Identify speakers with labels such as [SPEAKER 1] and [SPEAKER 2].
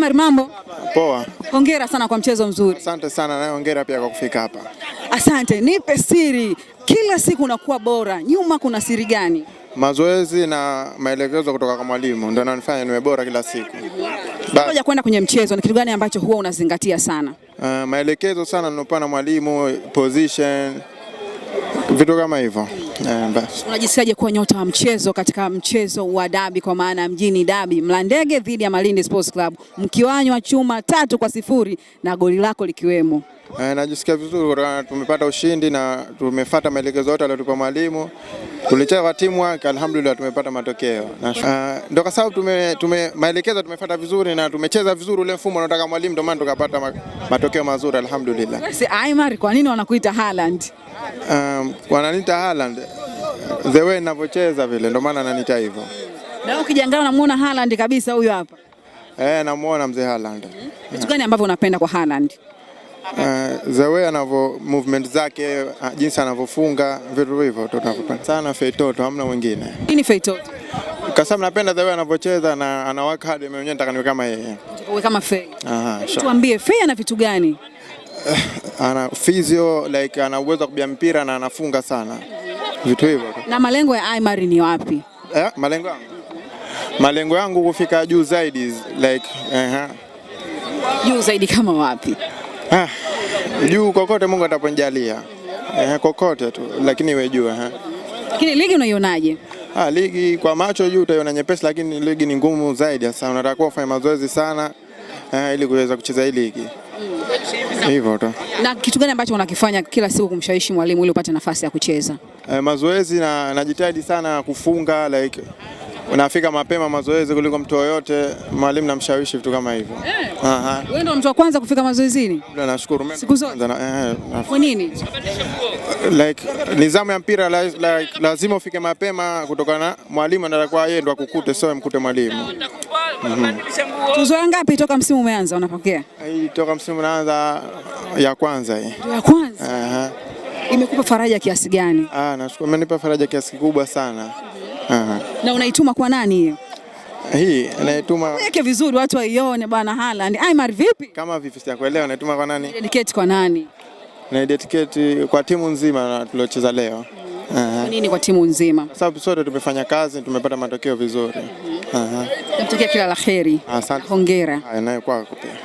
[SPEAKER 1] mari mambo poa. Hongera sana kwa mchezo mzuri.
[SPEAKER 2] Asante sana na hongera pia kwa kufika hapa.
[SPEAKER 1] Asante. Nipe siri, kila siku unakuwa bora, nyuma kuna siri gani?
[SPEAKER 2] Mazoezi na maelekezo kutoka kwa mwalimu ndio yananifanya niwe bora kila siku.
[SPEAKER 1] Ngoja kwenda kwenye mchezo, ni kitu gani ambacho huwa unazingatia sana?
[SPEAKER 2] Uh, maelekezo sana ninopana mwalimu, position vitu kama hivyo eh,
[SPEAKER 1] basi. Unajisikiaje kuwa nyota wa mchezo katika mchezo wa dabi kwa maana ya mjini dabi Mlandege dhidi ya Malindi Sports Club mkiwanywa chuma tatu kwa sifuri na goli lako likiwemo?
[SPEAKER 2] Eh, najisikia vizuri, tumepata ushindi na tumefuata maelekezo yote aliyotupa mwalimu tulicheza kwa teamwork, alhamdulillah tumepata matokeo uh, ah, ndo kwa sababu tume, tume maelekezo tumefuata vizuri na tumecheza vizuri ule mfumo unaotaka mwalimu, ndio maana tukapata matokeo mazuri alhamdulillah.
[SPEAKER 1] Aimar, kwa nini wanakuita Haaland?
[SPEAKER 2] Um, wananiita Haaland the way ninavyocheza vile, ndio maana ananiita hivyo.
[SPEAKER 1] Na ukijangaa unamuona Haaland kabisa huyo hapa.
[SPEAKER 2] Eh, namuona mzee Haaland.
[SPEAKER 1] Kitu gani ambavyo unapenda kwa Haaland?
[SPEAKER 2] uh, the way anavyo movement zake uh, jinsi anavyofunga vitu hivyo tunavyopa sana Feitoto, hamna mwingine.
[SPEAKER 1] Nini Feitoto.
[SPEAKER 2] Kasam napenda the way anavyocheza na ana work hard, mimi mwenyewe nataka niwe kama yeye. Uwe kama Fei. Aha. Sure.
[SPEAKER 1] Tuambie Fei ana vitu gani?
[SPEAKER 2] Uh, Ana physio like ana uwezo wa kubia mpira na anafunga sana vitu hivyo.
[SPEAKER 1] Na malengo ya Aimar ni wapi?
[SPEAKER 2] Eh, yeah, malengo yangu. Malengo yangu kufika juu zaidi like, uh eh, -huh.
[SPEAKER 1] Juu zaidi kama wapi?
[SPEAKER 2] Ah, juu kokote Mungu ataponijalia. Eh, kokote tu lakini wewe jua. eh.
[SPEAKER 1] Lakini ligi unaionaje?
[SPEAKER 2] Ah, ligi kwa macho juu utaiona nyepesi, lakini ligi ni ngumu zaidi. Sasa unatakiwa ufanye mazoezi sana eh, ili kuweza kucheza hii ligi mm. hivyo tu.
[SPEAKER 1] Na kitu gani ambacho unakifanya kila siku kumshawishi mwalimu ili upate nafasi ya kucheza?
[SPEAKER 2] Eh, mazoezi na najitahidi sana kufunga like unafika mapema mazoezi kuliko mtu yoyote, mwalimu namshawishi vitu kama hivyo. Eh. Aha. Wewe
[SPEAKER 1] ndio mtu wa kwanza kufika mazoezini? Nashukuru mimi. Siku zote. Eh, eh Kwa nini?
[SPEAKER 2] Like nizamu ya mpira like, lazima ufike mapema kutokana na mwalimu anatakuwa yeye ndo akukute, sio mkute mwalimu.
[SPEAKER 1] Mhm. Tuzo ngapi toka msimu umeanza unapokea?
[SPEAKER 2] Hii toka msimu unaanza ya kwanza hii. Ya kwanza. Aha.
[SPEAKER 1] Imekupa faraja kiasi gani?
[SPEAKER 2] Ah, nashukuru, imenipa faraja kiasi kubwa sana. Aha. Uh-huh.
[SPEAKER 1] Na unaituma kwa nani hiyo?
[SPEAKER 2] Hii naituma.
[SPEAKER 1] Weke vizuri watu waione bwana Haaland. Aymar vipi?
[SPEAKER 2] Kama vipi sijakuelewa naituma kwa nani?
[SPEAKER 1] Dedicate kwa nani?
[SPEAKER 2] Na dedicate kwa timu nzima na tuliocheza leo. Kwa uh-huh.
[SPEAKER 1] nini kwa timu nzima? Kwa
[SPEAKER 2] sababu sote tumefanya kazi, tumepata matokeo vizuri. Aha. Uh-huh.
[SPEAKER 1] Natokea kila la kheri. Asante. Hongera.
[SPEAKER 2] Nayo kwako pia.